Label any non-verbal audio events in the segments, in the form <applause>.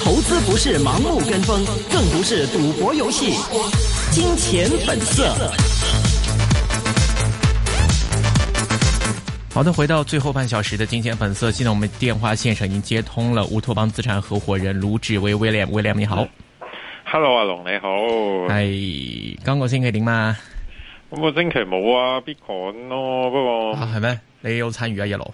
投資不是盲目跟風，更不是賭博遊戲，《金錢本色》。好的，回到最後半小時的《金錢本色》，現在我們電話綫上已經接通了烏托邦資產合伙人盧志威 William，William 你好，Hello 阿龍你好，係，今個星期點呀？今個星期冇啊，必趕咯，不過啊係咩？你有參與啊一路？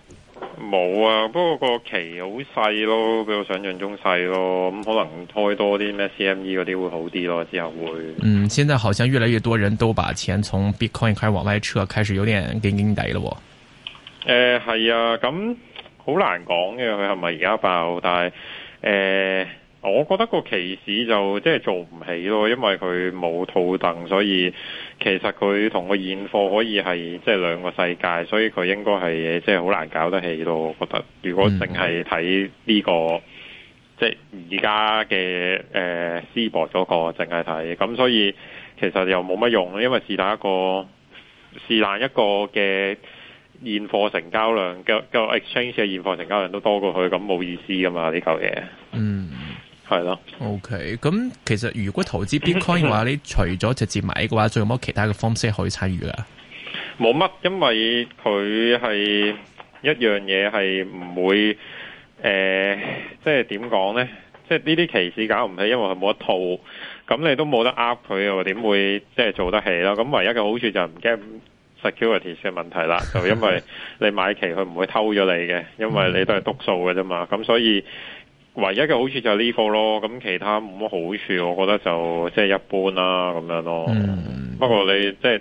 冇啊，不過個期好細咯，比我想象中細咯，咁、嗯、可能開多啲咩 CME 嗰啲會好啲咯，之後會。嗯，現在好像越來越多人都把錢從 Bitcoin 開始往外撤，開始有點驚驚地喇喎。誒、呃，係啊，咁、嗯、好難講嘅，佢係咪而家爆？但係誒。呃我覺得個期市就即係做唔起咯，因為佢冇套凳，所以其實佢同個現貨可以係即係兩個世界，所以佢應該係即係好難搞得起咯。我覺得如果淨係睇呢個、嗯、即係而家嘅誒絲博嗰個淨係睇，咁所以其實又冇乜用，因為是但一個是但一個嘅現貨成交量嘅嘅 exchange 嘅現貨成交量都多過佢，咁冇意思噶嘛呢嚿嘢。係咯，OK。咁其實如果投資 Bitcoin 嘅話， <laughs> 你除咗直接買嘅話，仲有冇其他嘅方式可以參與啊？冇乜，因為佢係一樣嘢係唔會誒、呃，即係點講咧？即係呢啲期指搞唔起，因為佢冇得套，咁你都冇得呃佢又點會即係做得起咯？咁唯一嘅好處就唔驚 security 嘅問題啦， <laughs> 就因為你買期佢唔會偷咗你嘅，因為你都係篤數嘅啫嘛，咁、嗯、所以。唯一嘅好處就係呢個咯，咁其他冇乜好處，我覺得就即係一般啦咁樣咯。嗯、不過你即係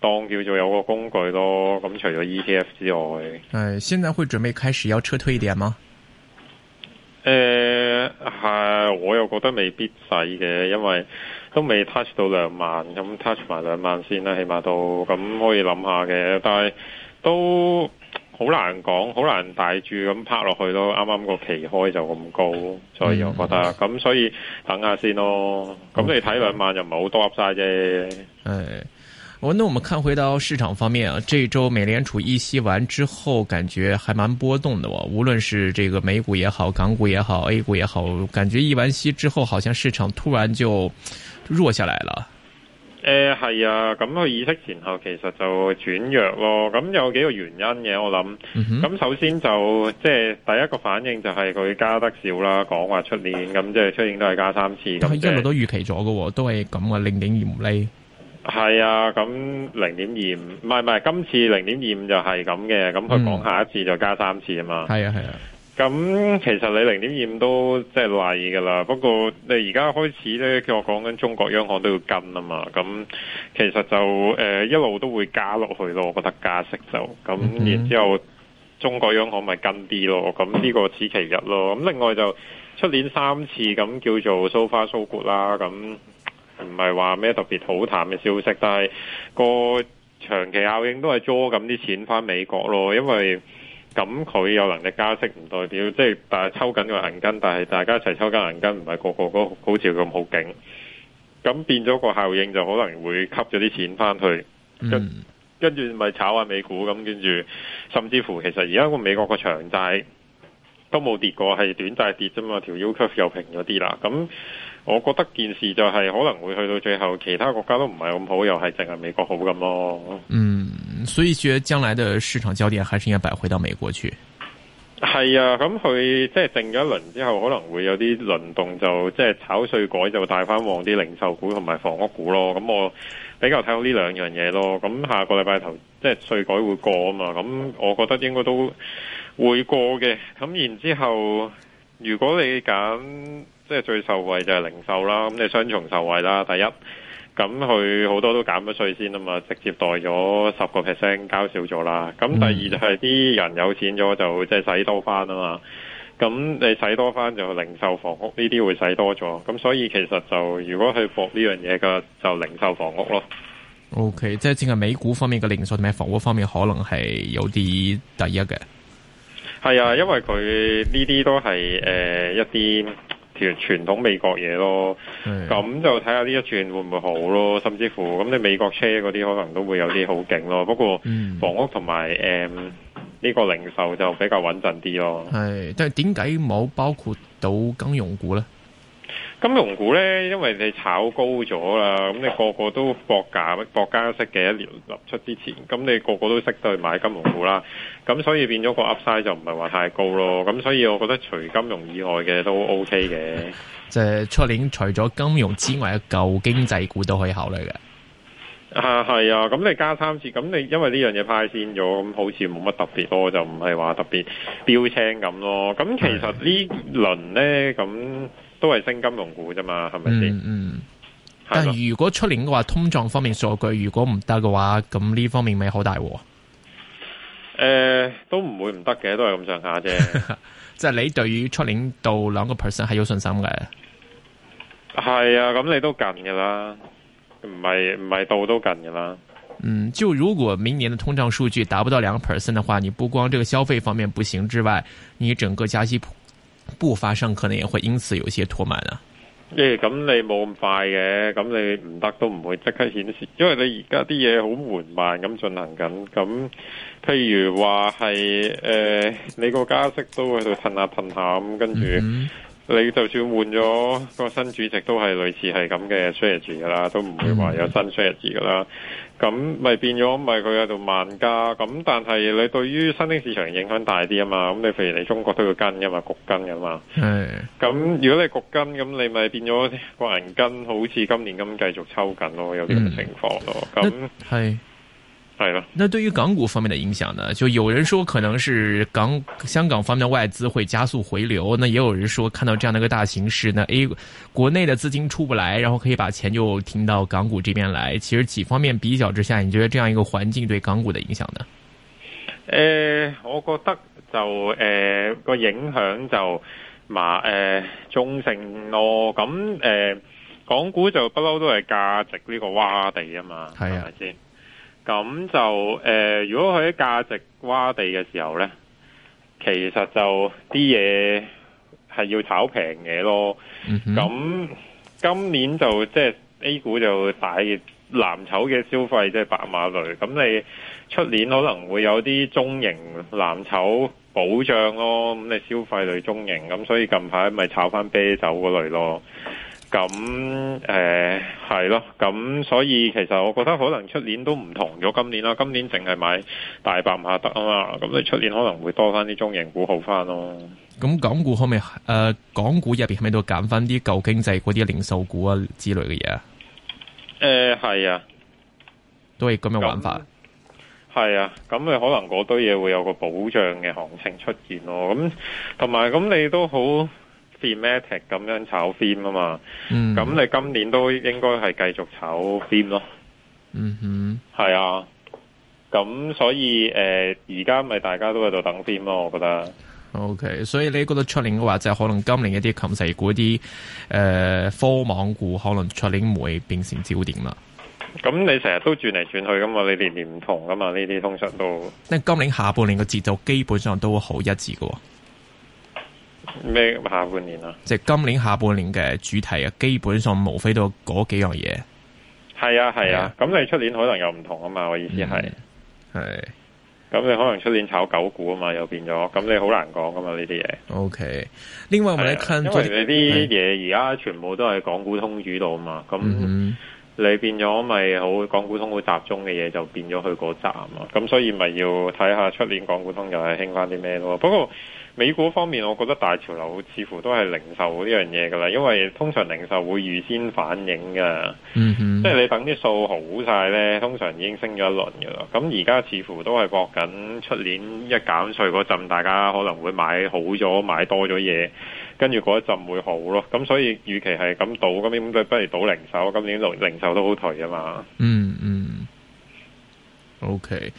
當叫做有個工具咯，咁除咗 ETF 之外，誒、哎，現在會準備開始要撤退一點嗎？誒、呃，係我又覺得未必使嘅，因為都未 touch 到兩萬，咁 touch 埋兩萬先啦，起碼都咁可以諗下嘅，但係都。好難講，好難大住咁拍落去咯。啱啱個期開就咁高，所以我覺得咁，哎嗯、所以等下先咯。咁、嗯、你睇兩萬就唔係好多笠晒啫。誒、哎，我那我們看回到市場方面啊，這周美聯儲議息完之後，感覺還蠻波動的。無論是這個美股也好，港股也好，A 股也好，感覺議完息之後，好像市場突然就弱下來了。誒係、欸、啊，咁佢議息前後其實就轉弱咯。咁有幾個原因嘅，我諗。咁、嗯、哼首先就即係、就是、第一個反應就係佢加得少啦，講話出年咁即係出年都係加三次。咁即係我都預期咗嘅，都係咁啊。零點二五。係啊，咁零點二五，唔係唔係，今次零點二五就係咁嘅。咁佢講下一次就加三次啊嘛。係、嗯、啊，係啊。咁其實你零點二五都即係例㗎啦，不過你而家開始咧，叫我講緊中國央行都要跟啊嘛。咁其實就、呃、一路都會加落去咯，我覺得加息就咁，然之後中國央行咪跟啲咯。咁呢個此其一咯。咁另外就出年三次咁叫做 so far so good 啦，咁唔係話咩特別好淡嘅消息，但係個長期效應都係捉咁啲錢翻美國咯，因為。咁佢有能力加息，唔代表即係，但係抽緊個銀根，但係大家一齊抽緊銀根，唔係個個都好似咁好勁，咁變咗個效應就可能會吸咗啲錢翻去，跟跟住咪炒下美股，咁跟住，甚至乎其實而家個美國個長債都冇跌過，係短債跌啫嘛，條 U curve 又平咗啲啦，咁。我覺得件事就係可能會去到最後，其他國家都唔係咁好，又係淨係美國好咁咯。嗯，所以說將來的市場焦點，還是應該擺回到美國去。係啊，咁佢即係定咗一輪之後，可能會有啲輪動，就即係炒稅改就帶翻往啲零售股同埋房屋股咯。咁我比較睇好呢兩樣嘢咯。咁下個禮拜頭，即係稅改會過啊嘛。咁我覺得應該都會過嘅。咁然之後，如果你揀。即係最受惠就係零售啦，咁你雙重受惠啦。第一，咁佢好多都減咗稅先啊嘛，直接代咗十個 percent 交少咗啦。咁第二就係啲人有錢咗就即係使多翻啊嘛。咁你使多翻就零售房屋呢啲會使多咗。咁所以其實就如果去搏呢樣嘢嘅，就零售房屋咯。OK，即係正係美股方面嘅零售同埋房屋方面可能係有啲第一嘅。係啊，因為佢呢啲都係誒、呃、一啲。傳統美國嘢咯，咁就睇下呢一轉會唔會好咯，甚至乎咁你美國車嗰啲可能都會有啲好勁咯。不過房屋同埋誒呢個零售就比較穩陣啲咯。係，但係點解冇包括到金融股呢？金融股呢，因為你炒高咗啦，咁你個個都博價，博加息嘅一年立出之前，咁你個個都識得去買金融股啦，咁所以變咗個 Upside 就唔係話太高咯，咁所以我覺得除金融以外嘅都 OK 嘅，即係出年除咗金融之外嘅舊經濟股都可以考慮嘅。啊，係啊，咁你加三次，咁你因為呢樣嘢派先咗，咁好似冇乜特別多，就唔係話特別標青咁咯。咁其實呢輪呢。咁的。都係升金融股啫嘛，係咪先？嗯吧但如果出年嘅話，通脹方面數據如果唔得嘅話，咁呢方面咪好大鑊。誒、呃，都唔會唔得嘅，都係咁上下啫。即係 <laughs> 你對於出年到兩個 percent 係有信心嘅。係啊，咁你都近嘅啦，唔係唔係到都近嘅啦。嗯，就如果明年嘅通脹數據達不到兩個 percent 嘅話，你不光這個消費方面不行之外，你整個加息不發生，可能也會因此有些拖慢啊咁、yeah, 你冇咁快嘅。咁你唔得都唔會即刻顯示，因為你而家啲嘢好緩慢咁進行緊。咁譬如話係誒，你個加息都喺度褪下褪下咁，跟住你就算換咗個新主席都，都係類似係咁嘅 strategy 噶啦，都唔會話有新 strategy 噶啦。咁咪變咗咪佢喺度慢加，咁但係你對於新興市場影響大啲啊嘛，咁你譬如你中國都要跟噶嘛，焗跟噶嘛。係。咁如果你焗跟，咁你咪變咗個人跟，好似今年咁繼續抽緊咯，有啲咁嘅情況咯。咁係。係啦，那對於港股方面的影響呢？就有人說可能是港香港方面的外資會加速回流，那也有人說看到這樣的一個大形勢呢，那誒國內的資金出不來，然後可以把錢就停到港股這邊來。其實幾方面比較之下，你覺得這樣一個環境對港股的影響呢？誒、呃，我覺得就誒、呃、個影響就嘛，誒中性咯。咁誒、呃、港股就不嬲都係價值呢個洼地啊嘛，係咪先？咁就誒、呃，如果佢喺價值窪地嘅時候呢，其實就啲嘢係要炒平嘢咯。咁、嗯、哼今年就即係 A 股就大藍籌嘅消費即係白馬類，咁你出年可能會有啲中型藍籌保障咯。咁你消費類中型，咁所以近排咪炒翻啤酒嗰類咯。咁誒係咯，咁、呃、所以其實我覺得可能出年都唔同咗今年啦，今年淨係買大白馬得啊嘛，咁你出年可能會多翻啲中型股好翻咯。咁港股可唔可以誒，港股入邊係咪都減翻啲舊經濟嗰啲零售股啊之類嘅嘢？誒係、呃、啊，都係咁樣玩法。係啊，咁你可能嗰堆嘢會有個保障嘅行情出現咯。咁同埋咁你都好。format 咁樣炒 film 啊嘛，咁、嗯、你今年都應該係繼續炒 film 咯。嗯哼，係啊。咁所以誒，而家咪大家都喺度等 film 咯，我覺得。O、okay, K，所以你覺得出年嘅話，就是、可能今年一啲禽食股啲誒、呃、科網股，可能出年會變成焦點啦。咁你成日都轉嚟轉去噶嘛？你年年唔同噶嘛？呢啲通常都。但係今年下半年嘅節奏基本上都好一致噶。咩下半年啊？即係今年下半年嘅主題啊，基本上無非都嗰幾樣嘢。係啊，係啊，咁、啊啊、你出年可能又唔同啊嘛，我意思係係，咁、嗯、你可能出年炒九股啊嘛，又變咗，咁你好難講噶嘛呢啲嘢。O、okay. K，另外咪、啊、因為嗰啲嘢而家全部都係港股通主導啊嘛，咁、嗯、哼你變咗咪好港股通好集中嘅嘢就變咗去嗰站啊，咁所以咪要睇下出年港股通又係興翻啲咩咯。不過。美股方面，我覺得大潮流似乎都係零售呢樣嘢㗎啦，因為通常零售會預先反應嘅，mm hmm. 即係你等啲數好曬咧，通常已經升咗一輪㗎啦。咁而家似乎都係博緊出年一減稅嗰陣，大家可能會買好咗，買多咗嘢，跟住嗰一陣會好咯。咁所以與其係咁賭，咁點不如賭零售。今年零售都好頹啊嘛。嗯嗯、mm。Hmm. O、okay. K，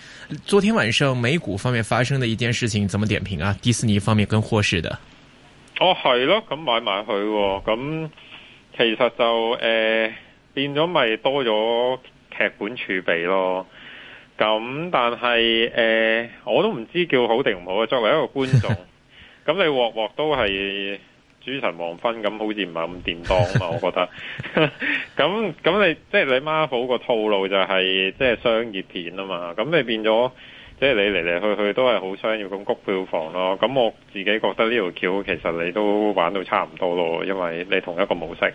昨天晚上美股方面發生的一件事情，怎麼點評啊？迪士尼方面跟霍士的，哦係咯，咁、嗯、買埋佢、哦，咁、嗯、其實就誒、呃、變咗咪多咗劇本儲備咯，咁、嗯、但係誒、呃、我都唔知叫好定唔好啊，作為一個觀眾，咁你鑊鑊都係。嗯諸神黃昏，咁好似唔係咁掂當啊！我覺得咁咁 <laughs> <laughs> 你即係、就是、你媽寶個套路就係即係商業片啊嘛！咁你變咗即係你嚟嚟去去都係好商業咁谷票房咯。咁我自己覺得呢條橋其實你都玩到差唔多咯，因為你同一個模式。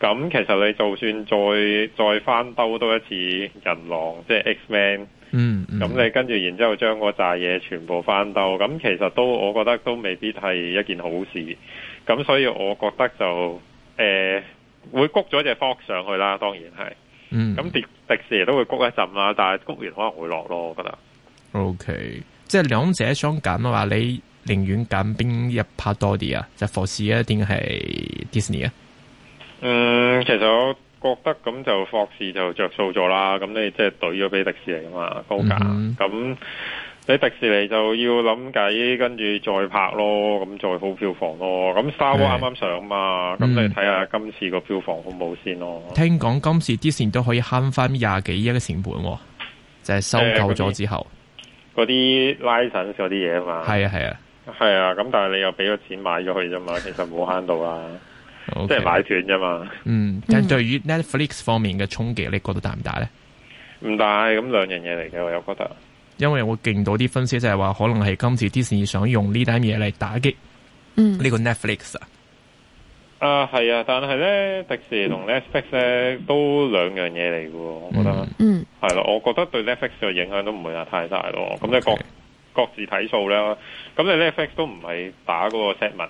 咁其實你就算再再翻兜多一次人狼，即、就、係、是、X Man，嗯，咁、嗯、你跟住然之後將嗰扎嘢全部翻兜，咁其實都我覺得都未必係一件好事。咁所以，我覺得就誒、呃、會谷咗隻 Fox 上去啦，當然係。嗯，咁迪迪士尼都會谷一陣啦，但係谷完可能會落咯，我覺得。OK，即係兩者相揀啊嘛，你寧願揀邊一 part 多啲啊？就霍士啊定係 Disney 啊？啊嗯，其實我覺得咁就霍士就着數咗啦，咁你即係懟咗俾迪士尼噶嘛，高價咁。喺迪士尼就要諗計，跟住再拍咯，咁再好票房咯。咁 Star Wars 啱啱上啊嘛，咁你睇下今次個票房好唔好先咯。聽講今次啲線都可以慳翻廿幾億嘅成本，就係收購咗之後，嗰啲、呃、license 嗰啲嘢啊嘛。係啊係啊，係啊。咁但係你又俾咗錢買咗佢啫嘛，其實冇慳到啦，即係買斷啫嘛。嗯，但對於 Netflix 方面嘅衝擊，你覺得大唔大咧？唔大，咁兩樣嘢嚟嘅，我又覺得。因為我見到啲分析就係話，可能係今次迪士尼想用呢單嘢嚟打擊呢、嗯、個 Netflix 啊。啊，係啊，但係咧，迪士尼同 Netflix 咧都兩樣嘢嚟嘅，嗯、我覺得。嗯。係咯、啊，我覺得對 Netflix 嘅影響都唔會太大咯。咁 Okay 你各各自睇數啦。咁你 Netflix 都唔係打嗰個 set 物。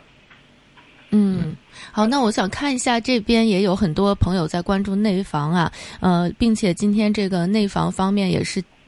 嗯，嗯好，那我想看一下，這邊也有很多朋友在關注內房啊。呃，並且今天這個內房方面也是。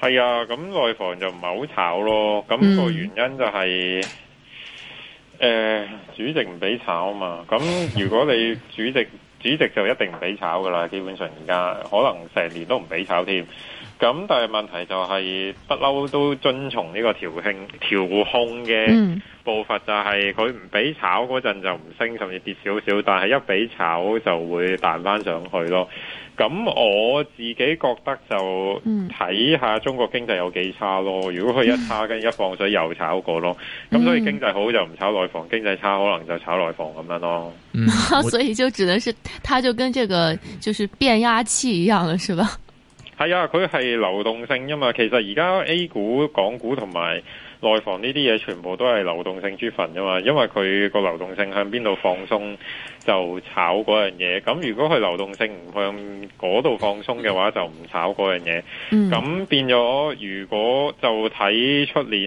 係啊，咁內房就唔係好炒咯，咁個原因就係，誒，主席唔俾炒嘛。咁如果你主席主席就一定唔俾炒噶啦，基本上而家可能成年都唔俾炒添。咁但係問題就係不嬲都遵從呢個調慶調控嘅步伐，就是，嗯、就係佢唔俾炒嗰陣就唔升，甚至跌少少，但係一俾炒就會彈翻上去咯。咁我自己覺得就睇下中國經濟有幾差咯。嗯、如果佢一差，跟住一放水又炒過咯。咁、嗯、所以經濟好就唔炒內房，經濟差可能就炒內房咁樣咯。嗯， <laughs> 所以就只能是，它就跟這個就是變壓器一樣了，是吧？係啊，佢係流動性啊嘛。其實而家 A 股、港股同埋內房呢啲嘢，全部都係流動性主份啊嘛。因為佢個流動性向邊度放鬆，就炒嗰樣嘢。咁如果佢流動性唔向嗰度放鬆嘅話，就唔炒嗰樣嘢。咁變咗，如果就睇出年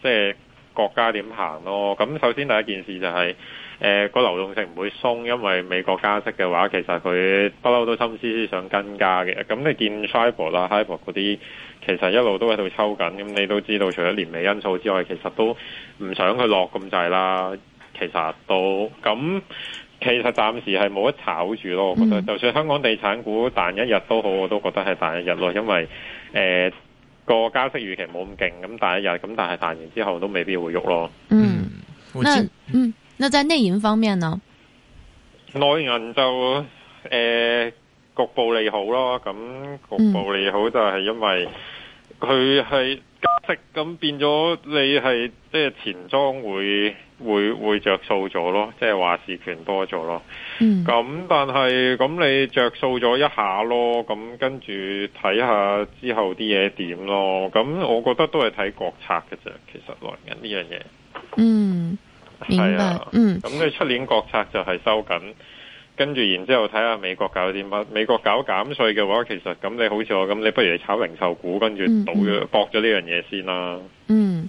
即係、就是、國家點行咯。咁首先第一件事就係、是。誒、個、呃、流動性唔會鬆，因為美國加息嘅話，其實佢不嬲都心思思想加嘅。咁你見 Triple 啦，Triple、啊、嗰啲，其實一路都喺度抽緊。咁你都知道，除咗年尾因素之外，其實都唔想佢落咁滯啦。其實都咁，其實暫時係冇得炒住咯。我覺得，就算香港地產股彈一日都好，我都覺得係彈一日咯。因為誒個、呃、加息預期冇咁勁，咁彈一日，咁但係彈完之後都未必會喐咯。嗯，嗯。那在內銀方面呢？內銀就誒、呃、局部利好咯，咁局部利好就係因為佢係即咁變咗你係即係錢莊會會會着數咗咯，即係話事權多咗咯。咁、嗯、但係咁你着數咗一下咯，咁跟住睇下之後啲嘢點咯。咁我覺得都係睇國策嘅啫，其實內銀呢樣嘢，嗯。係啊，嗯，咁你出年國策就係收緊，跟住然之後睇下美國搞啲乜，美國搞減稅嘅話，其實咁你好似我咁，你不如你炒零售股，跟住賭咗搏咗呢樣嘢先啦，啊嗯，嗯。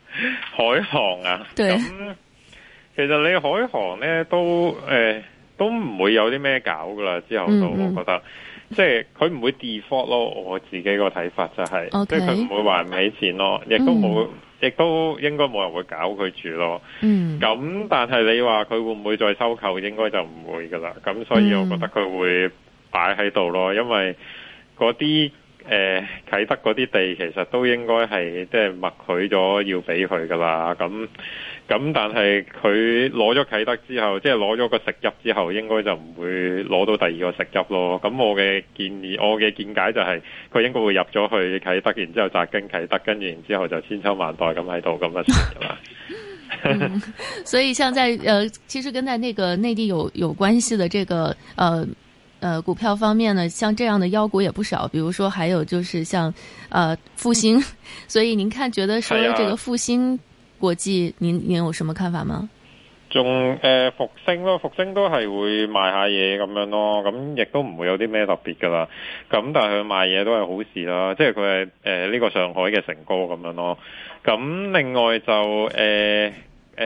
<laughs> 海航啊，咁、啊、其實你海航呢都誒、欸、都唔會有啲咩搞噶啦，之後就、嗯、我覺得即係佢唔會 default 咯。我自己個睇法就係、是，即係佢唔會還唔起錢咯，亦都冇，亦、嗯、都應該冇人會搞佢住咯。咁、嗯、但係你話佢會唔會再收購，應該就唔會噶啦。咁所以我覺得佢會擺喺度咯，因為嗰啲。誒，啟、呃、德嗰啲地其實都應該係即係默許咗要俾佢噶啦，咁、嗯、咁、嗯、但係佢攞咗啟德之後，即係攞咗個食邑之後，應該就唔會攞到第二個食邑咯。咁、嗯、我嘅建議，我嘅見解就係、是、佢應該會入咗去啟德，然之後扎根啟德，跟住然之後就千秋萬代咁喺度咁嘅事噶嘛。所以，像在誒、呃，其實跟在呢個內地有有關係嘅這個，誒、呃。呃，股票方面呢，像這樣的妖股也不少，比如說還有就是像，呃，復星，嗯、所以您看覺得說這個復星國際，嗯、您您有什麼看法嗎？仲，誒復星咯，復星都係會賣下嘢咁樣咯，咁亦都唔會有啲咩特別噶啦，咁但係佢賣嘢都係好事啦，即係佢係誒呢個上海嘅誠哥咁樣咯，咁另外就誒誒、呃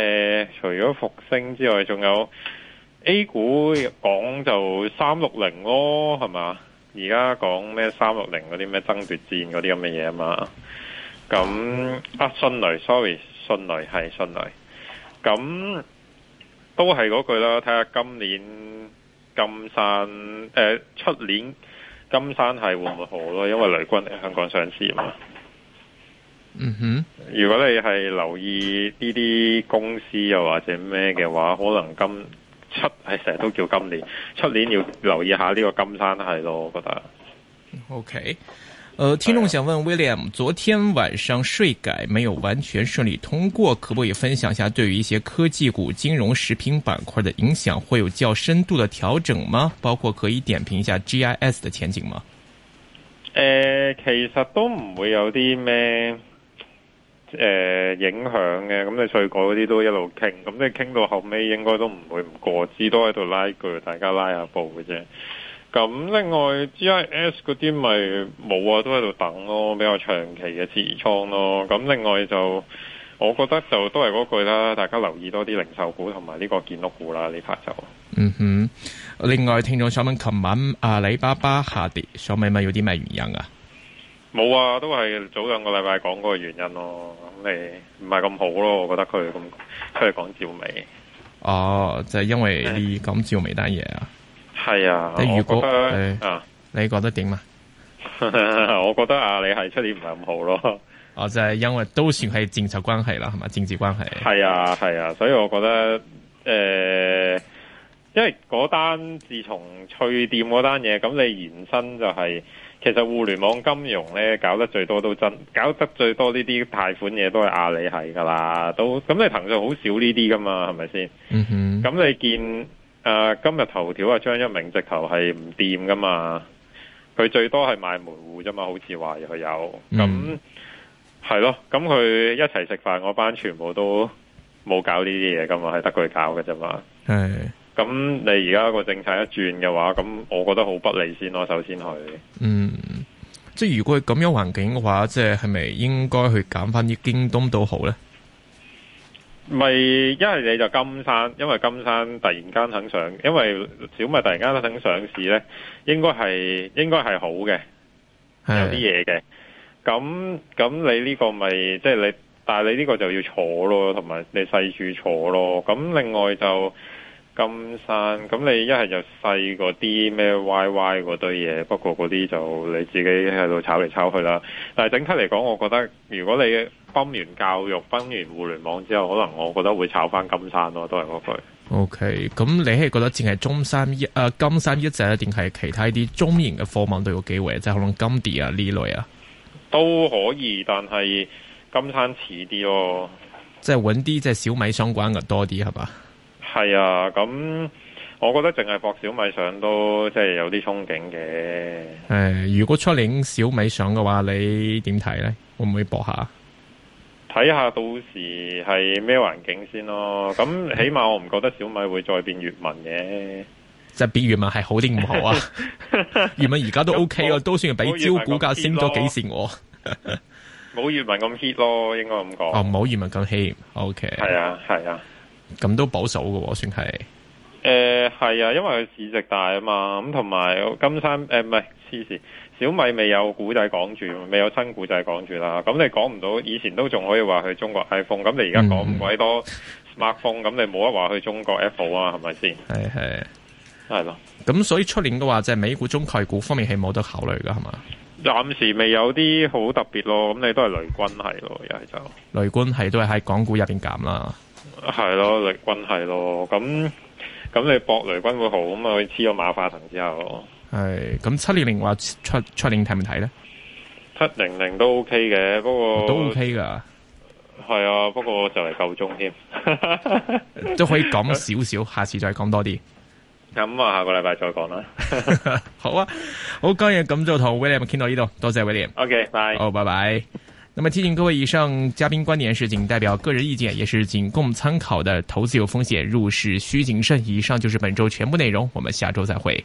呃、除咗復星之外，仲有。A 股講就三六零咯，係嘛？而家講咩三六零嗰啲咩爭奪戰嗰啲咁嘅嘢啊嘛。咁啊迅雷，sorry，迅雷係迅雷。咁都係嗰句啦，睇下今年金山誒，出、呃、年金山係會唔會好咯？因為雷軍喺香港上市嘛。嗯哼，如果你係留意呢啲公司又或者咩嘅話，可能今七係成日都叫今年，七年要留意一下呢個金山係咯，我覺得。OK，呃，聽眾想問 William，昨天晚上稅改沒有完全順利通過，可不可以分享一下對於一些科技股、金融、食品板塊的影響會有較深度的調整嗎？包括可以點評一下 GIS 的前景嗎？誒、呃，其實都唔會有啲咩。誒，影響嘅，咁你水果嗰啲都一路傾，咁你傾到後尾應該都唔會唔過資，都喺度拉鋸，大家拉下步嘅啫。咁另外，G I S 嗰啲咪冇啊，都喺度等咯，比較長期嘅持倉咯。咁另外就，我覺得就都係嗰句啦，大家留意多啲零售股同埋呢個建築股啦。呢排就，嗯哼。另外，聽眾想問，琴晚阿里巴巴下跌，想問問有啲咩原因啊？冇啊，都係早兩個禮拜講過個原因咯，咁你唔係咁好咯，我覺得佢咁出去講趙薇，哦，就係、是、因為你講趙薇單嘢啊，係啊，你如果啊，覺哎、你覺得點嘛？ <laughs> 我覺得啊，你係出年唔係咁好咯，我、哦、就係、是、因為都算係政策關係啦，係咪？政治關係，係啊係啊，所以我覺得誒、呃，因為嗰單自從趣店嗰單嘢，咁你延伸就係、是。其實互聯網金融咧，搞得最多都真，搞得最多呢啲貸款嘢都係阿里係噶啦，都咁你騰訊好少呢啲噶嘛，係咪先？咁、嗯、哼你見誒、呃、今日頭條啊張一鳴直頭係唔掂噶嘛？佢最多係賣門戶啫嘛，好似話佢有咁係、嗯、咯。咁佢一齊食飯，我班全部都冇搞呢啲嘢噶嘛，係得佢搞噶啫嘛。係。咁你而家個政策一轉嘅話，咁我覺得好不利先咯。首先去，嗯，即係如果係咁樣環境嘅話，即係係咪應該去揀翻啲京東都好呢？咪因為你就金山，因為金山突然間肯上，因為小米突然間肯上市呢，應該係應該係好嘅，有啲嘢嘅。咁咁的你呢個咪即係你，但係你呢個就要坐咯，同埋你細處坐咯。咁另外就。金山，咁你一係就細嗰啲咩 yy 嗰堆嘢，不過嗰啲就你自己喺度炒嚟炒去啦。但係整體嚟講，我覺得如果你崩完教育、崩完互聯網之後，可能我覺得會炒翻金山咯，都係嗰句。O K，咁你係覺得淨係中山一、呃、金山一隻，定係其他啲中型嘅科網都有機會，即係可能金地啊呢類啊都可以，但係金山遲啲咯，即係搵啲即係小米相關嘅多啲係嘛？係啊，咁我覺得淨係博小米上都即係有啲憧憬嘅。誒，如果出年小米上嘅話，你點睇咧？會唔會博下？睇下到時係咩環境先咯。咁起碼我唔覺得小米會再變閱文嘅。 <laughs> 即係變閱文係好啲唔好啊？閱文而家都 OK 啊，有有都算係比越招股價升咗幾時我冇閱文咁 hit 咯，應該咁講。哦，唔好閱文咁 hit OK。係、okay. 啊，係啊。咁都保守喎，啊，算係誒係啊，因為佢市值大啊嘛，咁同埋金山誒唔係黐線，小米未有故仔講講住，未有新故仔講講住啦。咁你講唔到，嗯、以前都仲可以話去中國 iPhone，咁你而家講唔鬼多 smartphone，咁你冇得話去中國 Apple 啊，係咪先？係係係咯，咁，啊，所以出年嘅話，即、就、係、是、美股、中概股方面係冇得考慮噶，係嘛？暫時未有啲好特別咯，咁你都係雷軍係咯，又係就雷軍係都係喺港股入邊減啦。係咯，雷軍係咯，咁咁你搏雷軍會好，咁啊黐咗馬化騰之後。係，咁七零零或出七零睇唔睇咧？七零零，睇唔睇咧？七零零都 OK 嘅，不過都 OK 噶。係啊，不過就嚟夠鐘添， <laughs> 都可以講少少，下次再講多啲。咁啊，下個禮拜再講啦。 <laughs> <laughs> 好啊，好，今日咁就同 William 傾到呢度，多謝 William。OK，拜。好，拜拜。那麼提醒各位，以上嘉賓觀點是僅代表個人意見，也是僅供參考的。投資有風險，入市需謹慎。以上就是本周全部內容，我們下周再會。